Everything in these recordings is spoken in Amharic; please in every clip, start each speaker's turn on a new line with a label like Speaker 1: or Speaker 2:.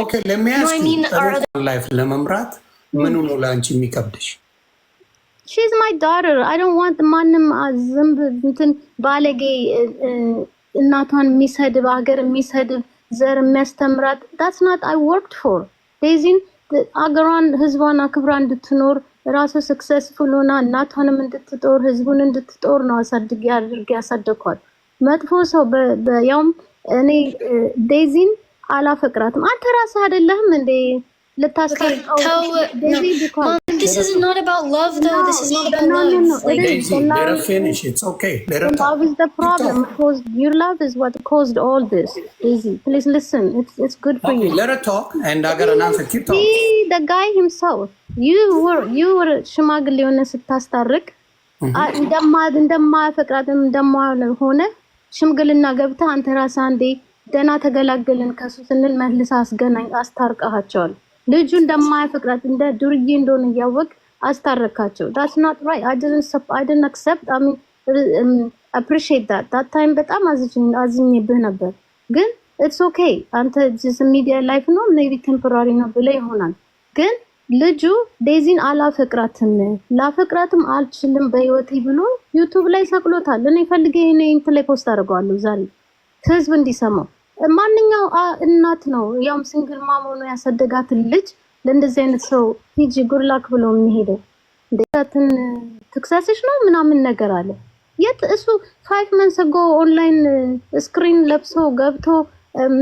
Speaker 1: ኦኬ ለሚያስ ላይፍ ለመምራት ምኑ ነው ለአንቺ የሚከብድሽ?
Speaker 2: ሺዝ ማይ ዳተር አይ ዶንት ዋንት ማንም ዝንብ እንትን ባለጌ እናቷን የሚሰድብ ሀገር የሚሰድብ ዘር የሚያስተምራት ዳትስ ናት አይ ወርክድ ፎር ዴዚን አገሯን ህዝቧን አክብራ እንድትኖር ራሱ ስክሰስፉል ሆና እናቷንም እንድትጦር ህዝቡን እንድትጦር ነው ያሳደኳል። መጥፎ ሰው ያውም እኔ ዴዚን አላፈቅራትም። አንተ ራስህ አይደለህም እንዴ ልታስቀርቀው? ሽማግሌ የሆነ ስታስታርቅ mm-hmm. እንደማያፈቅራትም እንደማሆነ ሽምግልና ገብተህ አንተ ራስህ አንዴ ደህና ተገላገልን ከሱ ስንል መልስ አስገናኝ አስታርቀሃቸዋል። ልጁ እንደማያፈቅራት እንደ ዱርዬ እንደሆነ እያወቅ አስታረካቸው። ዳስ ናት ራይ አይደን አክሰፕት አሚ አፕሪሺየት ዳት ዳት ታይም በጣም አዝኜብህ ነበር፣ ግን ኢትስ ኦኬ አንተ ሚዲያ ላይፍ ነው ሜቢ ቴምፖራሪ ነው ብለህ ይሆናል። ግን ልጁ ዴዚን አላፈቅራትም ላፈቅራትም አልችልም በህይወቴ ብሎ ዩቱብ ላይ ሰቅሎታል። እኔ ፈልጌ ይሄን እንትን ላይ ፖስት አድርገዋለሁ ዛሬ ህዝብ እንዲሰማው ማንኛው እናት ነው ያውም ሲንግል ማም ሆኖ ያሳደጋትን ልጅ ለእንደዚህ አይነት ሰው ሂጂ ጉድላክ ብሎ የሚሄደው እንደትን ትክሳሴች ነው ምናምን ነገር አለ። የት እሱ ፋይቭ መንስ ጎ ኦንላይን ስክሪን ለብሶ ገብቶ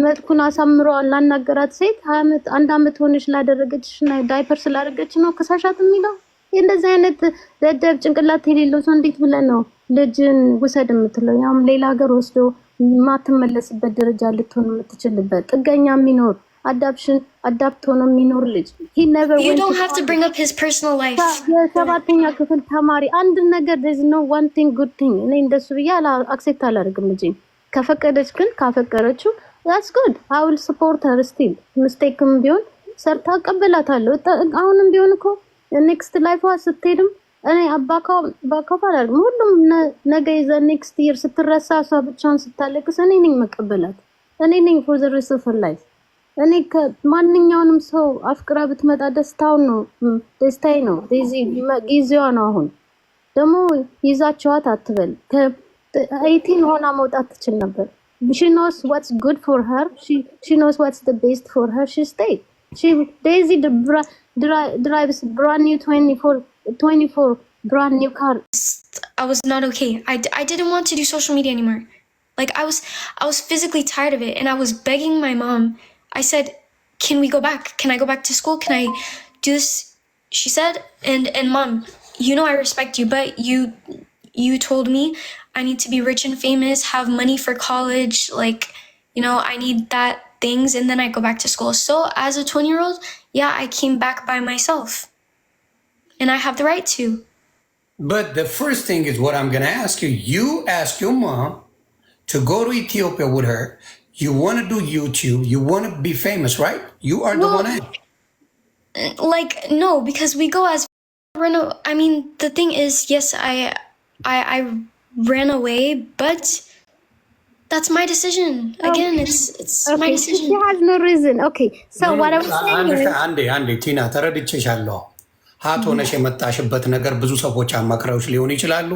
Speaker 2: መልኩን አሳምሮ ላናገራት ሴት አመት አንድ አመት ሆነች ላደረገች ዳይፐር ስላደረገች ነው ክሳሻት የሚለው። እንደዚህ አይነት ደደብ ጭንቅላት የሌለው ሰው እንዴት ብለን ነው ልጅን ውሰድ የምትለው? ያውም ሌላ ሀገር ወስዶ የማትመለስበት ደረጃ ልትሆን የምትችልበት ጥገኛ የሚኖር አዳፕሽን አዳፕት ሆኖ የሚኖር ልጅ የሰባተኛ ክፍል ተማሪ አንድ ነገር ኖ ዋን ቲንግ ጉድ ቲንግ እኔ እንደሱ ብዬ አክሴፕት አላደርግም። እጅ ከፈቀደች ግን ካፈቀረችው ስ ጉድ አውል ስፖርተር ስቲል ምስቴክም ቢሆን ሰርታ እቀበላታለሁ። አሁንም ቢሆን እኮ ኔክስት ላይፍ ስትሄድም እኔ አባካው ባላል ሁሉም ነገ ይዘ ኔክስት ይር ስትረሳ እሷ ብቻዋን ስታለቅስ እኔ ነኝ መቀበላት። እኔ ነኝ ፎር ዘ ሬስት ኦፍ ላይፍ። እኔ ከማንኛውንም ሰው አፍቅራ ብትመጣ ደስታውን ነው ደስታይ ነው ጊዜዋ ነው። አሁን ደግሞ ይዛቸዋት አትበል። ከአይቲን ሆና መውጣት ትችል ነበር። ሺ ኖስ ዋትስ ጉድ ፎር ሀር ሺ ኖስ ዋትስ ቤስት ፎር ሀር ሺ ስቴይ ዴዚ ድራይቭስ ብራንድ ኒው ትዌንቲ ፎር 24 brand new car
Speaker 3: i was not okay I, I didn't want to do social media anymore like i was i was physically tired of it and i was begging my mom i said can we go back can i go back to school can i do this she said and and mom you know i respect you but you you told me i need to be rich and famous have money for college like you know i need that things and then i go back to school so as a 20 year old yeah i came back by myself and I have the right to.
Speaker 1: But the first thing is what I'm going to ask you. You ask your mom to go to Ethiopia with her. You want to do YouTube. You want to be famous, right? You are well, the
Speaker 3: one. like no, because we go as reno. I mean, the thing is, yes, I, I, I ran away, but that's my decision. Again, it's it's okay. my decision.
Speaker 2: She has no reason. Okay, so no, what i was saying is,
Speaker 1: Andy, Andy, Tina, ሀት ሆነሽ የመጣሽበት ነገር ብዙ ሰዎች አማክራዎች ሊሆኑ ይችላሉ።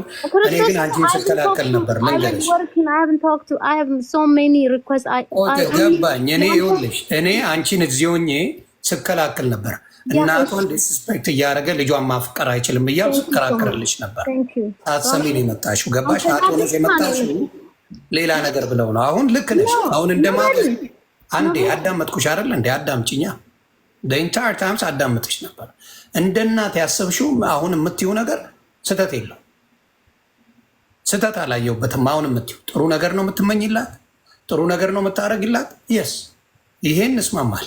Speaker 2: እኔ ግን አንቺ ስከላከል ነበር መንገድሽ
Speaker 1: ገባኝ። እኔ ይኸውልሽ እኔ አንቺን እዚህ ሆኜ ስከላከል ነበር። እናቷን ዲስስፔክት እያደረገ ልጇን ማፍቀር አይችልም እያሉ ስከራከርልሽ ነበር። ሳትሰሚ ነው የመጣሽው። ገባሽ? ሀት ሆነሽ የመጣሽው ሌላ ነገር ብለው ነው። አሁን ልክ ነሽ። አሁን እንደማ አንዴ አዳመጥኩሽ አይደል? እንዴ አዳምጪኛ ኢንታየር ታይምስ አዳምጥሽ ነበር። እንደ እናት ያሰብሽው አሁን የምትይው ነገር ስህተት የለው። ስህተት አላየውበትም። አሁን የምትይው ጥሩ ነገር ነው የምትመኝላት፣ ጥሩ ነገር ነው የምታደርግላት። የስ ይሄን እስማማል።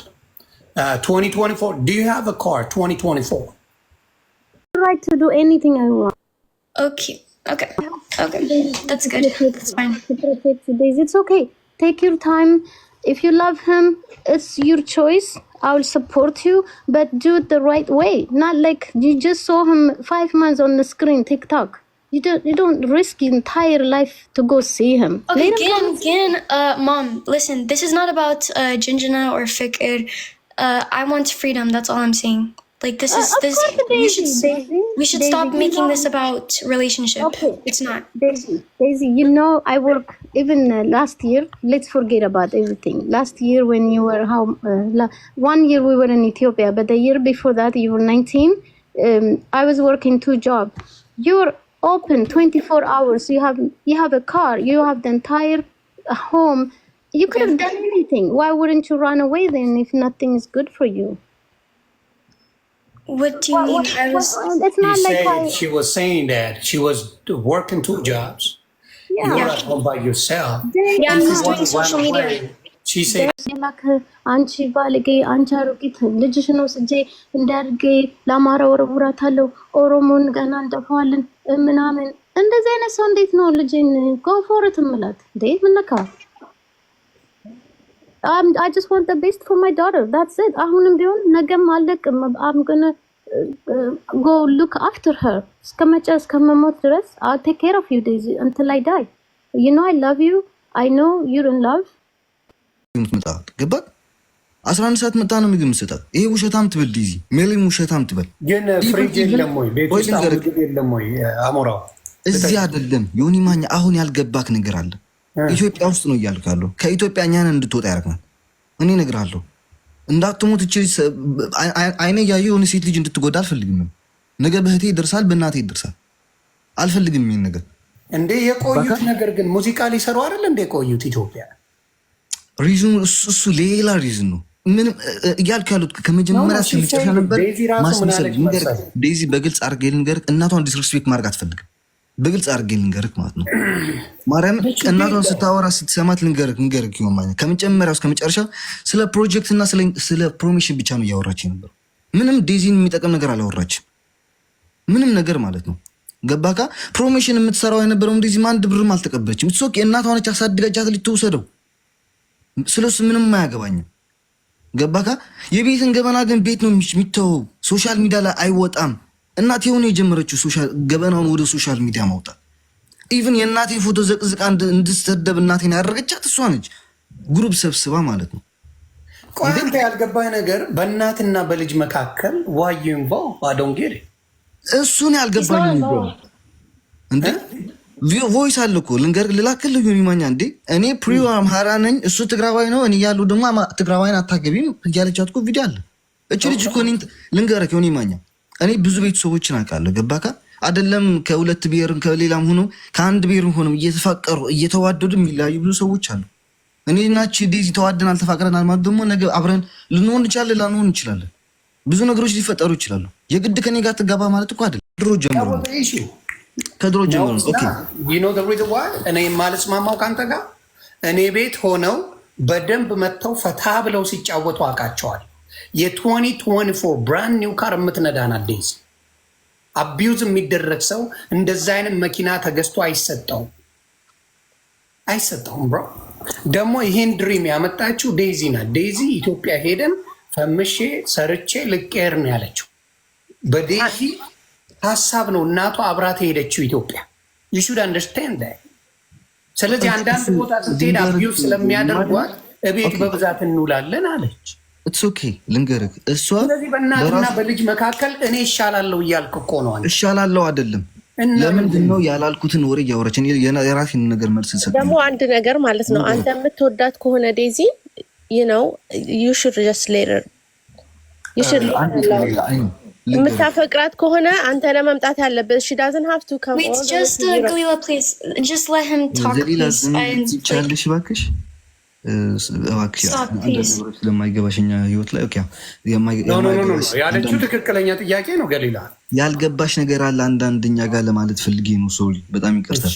Speaker 2: ቴክ ዩር ታይም If you love him, it's your choice. I will support you, but do it the right way. Not like you just saw him five months on the screen, TikTok. You don't you don't risk your entire life to go see him.
Speaker 3: Okay, again, Gin, Gin, uh, mom, listen. This is not about uh, Jinjina or Fikir. Uh, I want freedom. That's all I'm saying. Like this uh, is uh, this. We should, Daisy, we should Daisy, stop making this about relationship. Okay. It's not.
Speaker 2: Daisy, Daisy, you know I work even uh, last year. Let's forget about everything. Last year when you were how uh, one year we were in Ethiopia, but the year before that you were 19. Um, I was working two jobs. You're open 24 hours. You have you have a car. You have the entire uh, home. You could have done anything. Why wouldn't you run away then if nothing is good for you?
Speaker 3: What do you mean? What, I was.
Speaker 1: What, it's not like I... she was saying that she was working two jobs. Yeah. You were at home by yourself.
Speaker 3: Yeah, I'm doing social media.
Speaker 1: She said.
Speaker 2: ላክ አንቺ ባልጌ አንቺ አሮጊት ልጅሽን ወስጄ I just want the best for my daughter. That's it. አሁንም ቢሆን ነገም አለቅም። I'm going to go look after her. እስከመጨ እስከመሞት ድረስ I'll take care of you Daisy until I die. You know I love you. I know you're in love.
Speaker 1: ምትመጣ ገባ ሰዓት መጣ ነው ምግብ ይሄ ውሸታም ትበል ዲዚ ሜሊም ውሸታም ትበል። እዚህ አይደለም። ዮኒ ማኛ አሁን ያልገባክ ነገር አለ ኢትዮጵያ ውስጥ ነው እያልካለሁ። ከኢትዮጵያ እኛን እንድትወጣ ያደርግናል። እኔ እነግርሃለሁ እንዳትሞት እች አይነ እያየ የሆነ ሴት ልጅ እንድትጎዳ አልፈልግም። ነገ በህቴ ይደርሳል፣ በእናቴ ይደርሳል። አልፈልግም ይህን ነገር
Speaker 4: እንዴ የቆዩት ነገር ግን ሙዚቃ ሊሰሩ አይደል እንደ የቆዩት ኢትዮጵያ
Speaker 1: ሪዝኑ እሱ ሌላ ሪዝን ነው። ምንም እያልክ ያሉት ከመጀመሪያ ስንጨሻ ነበር ማስመሰል ዴዚ በግልጽ አድርጌ ልንገርህ፣ እናቷን ዲስሪስፔክት ማድረግ አትፈልግም። በግልጽ አድርጌ ልንገርክ ማለት ነው። ማርያም እናቷን ስታወራ ስትሰማት ልንገርክ ንገርክ ይሆን ማለት እስከ መጨረሻ ስለ ፕሮጀክትና ስለ ፕሮሚሽን ብቻ ነው እያወራች ነበር። ምንም ዴዚን የሚጠቅም ነገር አላወራችም። ምንም ነገር ማለት ነው። ገባካ? ፕሮሚሽን የምትሰራው የነበረው ዴዚ አንድ ብርም አልተቀበለችም። ሶቅ የእናቷ ነች፣ አሳድጋጃት ልትወሰደው። ስለሱ ምንም አያገባኝም። ገባካ? የቤትን ገበና ግን ቤት ነው የሚተወው፣ ሶሻል ሚዲያ ላይ አይወጣም። እናቴ የሆነ የጀመረችው ገበናውን ወደ ሶሻል ሚዲያ ማውጣት ኢቭን የእናቴ ፎቶ ዘቅዝቃ እንድሰደብ እናቴን ያደረገቻት እሷ ነች። ግሩፕ ሰብስባ ማለት ነው።
Speaker 4: ቆንተ ያልገባኝ ነገር በእናትና በልጅ መካከል ዋዩን ዋዩንባ አዶንጌድ
Speaker 1: እሱን ያልገባኝ እንዴ ቮይስ አለ እኮ ልላክል ልዩ ዩኒማኛ እንዴ እኔ ፕሪ አምሃራ ነኝ፣ እሱ ትግራዋይ ነው። እኔ እያለሁ ደግሞ ትግራዋይን አታገቢም እያለቻት እኮ ቪዲዮ አለ። እች ልጅ እኮ ሆን ዩኒማኛ እኔ ብዙ ቤተሰቦችን አውቃለሁ። ገባከ አደለም? ከሁለት ብሔርም ከሌላም ሆኖ ከአንድ ብሔርም ሆኖ እየተፋቀሩ እየተዋደዱ የሚለያዩ ብዙ ሰዎች አሉ። እኔ ናች ዴዚ ተዋደናል ተፋቅረናል ማለት ደግሞ ነገ አብረን ልንሆን እንችላለን ላንሆን እንችላለን። ብዙ ነገሮች ሊፈጠሩ ይችላሉ። የግድ ከኔ ጋር ትጋባ ማለት እኮ አደለም። ድሮ ጀምሮ ከድሮ ጀምሮ
Speaker 4: እኔ የማልስማማው ከአንተ ጋር እኔ ቤት ሆነው በደንብ መጥተው ፈታ ብለው ሲጫወቱ አውቃቸዋል የ2024 ብራንድ ኒው ካር የምትነዳና ዴዚ አቢዩዝ የሚደረግ ሰው እንደዛ አይነት መኪና ተገዝቶ አይሰጠውም አይሰጠውም። ብሮ ደግሞ ይህን ድሪም ያመጣችው ዴዚ ናት። ዴዚ ኢትዮጵያ ሄደን ፈምሼ ሰርቼ ልቀር ነው ያለችው። በዴዚ ሀሳብ ነው እናቷ አብራት ሄደችው ኢትዮጵያ። ዩሹድ አንደርስታንድ። ስለዚህ አንዳንድ ቦታ ስትሄድ አቢዩዝ ስለሚያደርጓት እቤት በብዛት እንውላለን አለች።
Speaker 1: ኦኬ ልንገርህ፣ እሷ
Speaker 4: ስለዚህ በእናትና በልጅ መካከል እኔ እሻላለሁ እያልክ እኮ ነው።
Speaker 1: እሻላለሁ አይደለም። ለምንድን ነው ያላልኩትን ወሬ እያወረችን የራሴን ነገር መልስ
Speaker 2: ሰ ደግሞ አንድ ነገር ማለት ነው። አንተ የምትወዳት ከሆነ ዴዚ ነው ዩሽር የምታፈቅራት ከሆነ አንተ ለመምጣት ያለበት እሺ። ዳዝን ሀብቱ
Speaker 3: ከምትችላለሽ
Speaker 1: እባክሽ እባክሽ ስለማይገባሽ ህይወት ላይ
Speaker 4: ያለችው ትክክለኛ ጥያቄ ነው። ገሊላ
Speaker 1: ያልገባሽ ነገር አለ አንዳንድኛ ጋር ለማለት ፈልጌ ነው። ሰው በጣም ይቅርታል።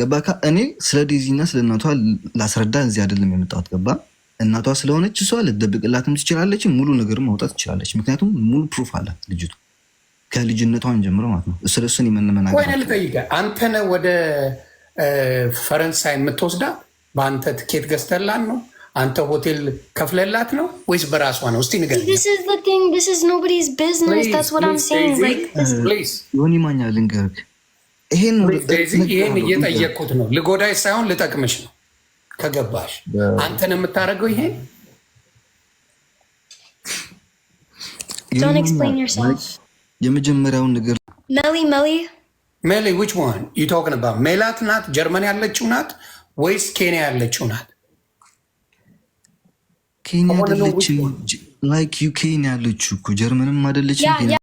Speaker 1: ገባ እኔ ስለ ዴዚ እና ስለ እናቷ ላስረዳ እዚህ አይደለም የመጣሁት። ገባ እናቷ ስለሆነች እሷ ልደብቅላትም ትችላለች፣ ሙሉ ነገር ማውጣት ትችላለች። ምክንያቱም ሙሉ ፕሩፍ አላት ልጅቱ ከልጅነቷን ጀምሮ ማለት ነው። ስለሱን የምንመናገር
Speaker 4: ልጠይቀ አንተነ ወደ ፈረንሳይ የምትወስዳ በአንተ ትኬት ገዝተላት ነው? አንተ ሆቴል ከፍለላት ነው ወይስ በራሷ ነው? እስቲ
Speaker 3: ንገረኝ።
Speaker 1: ዮኒ ማኛ ልንገርህ፣
Speaker 4: ይሄን እየጠየቅኩት ነው። ልጎዳይ ሳይሆን ልጠቅምሽ ነው። ከገባሽ አንተን የምታደርገው ይሄን
Speaker 1: የመጀመሪያውን ነገር
Speaker 3: ሜሊ
Speaker 1: ሜሊ ሜሊ ሜላት ናት፣ ጀርመን ያለችው ናት ወይስ ኬንያ ያለችው ናት? ኬንያ አይደለችም። ላይክ ዩኬን ያለችው እኮ ጀርመንም አይደለችም።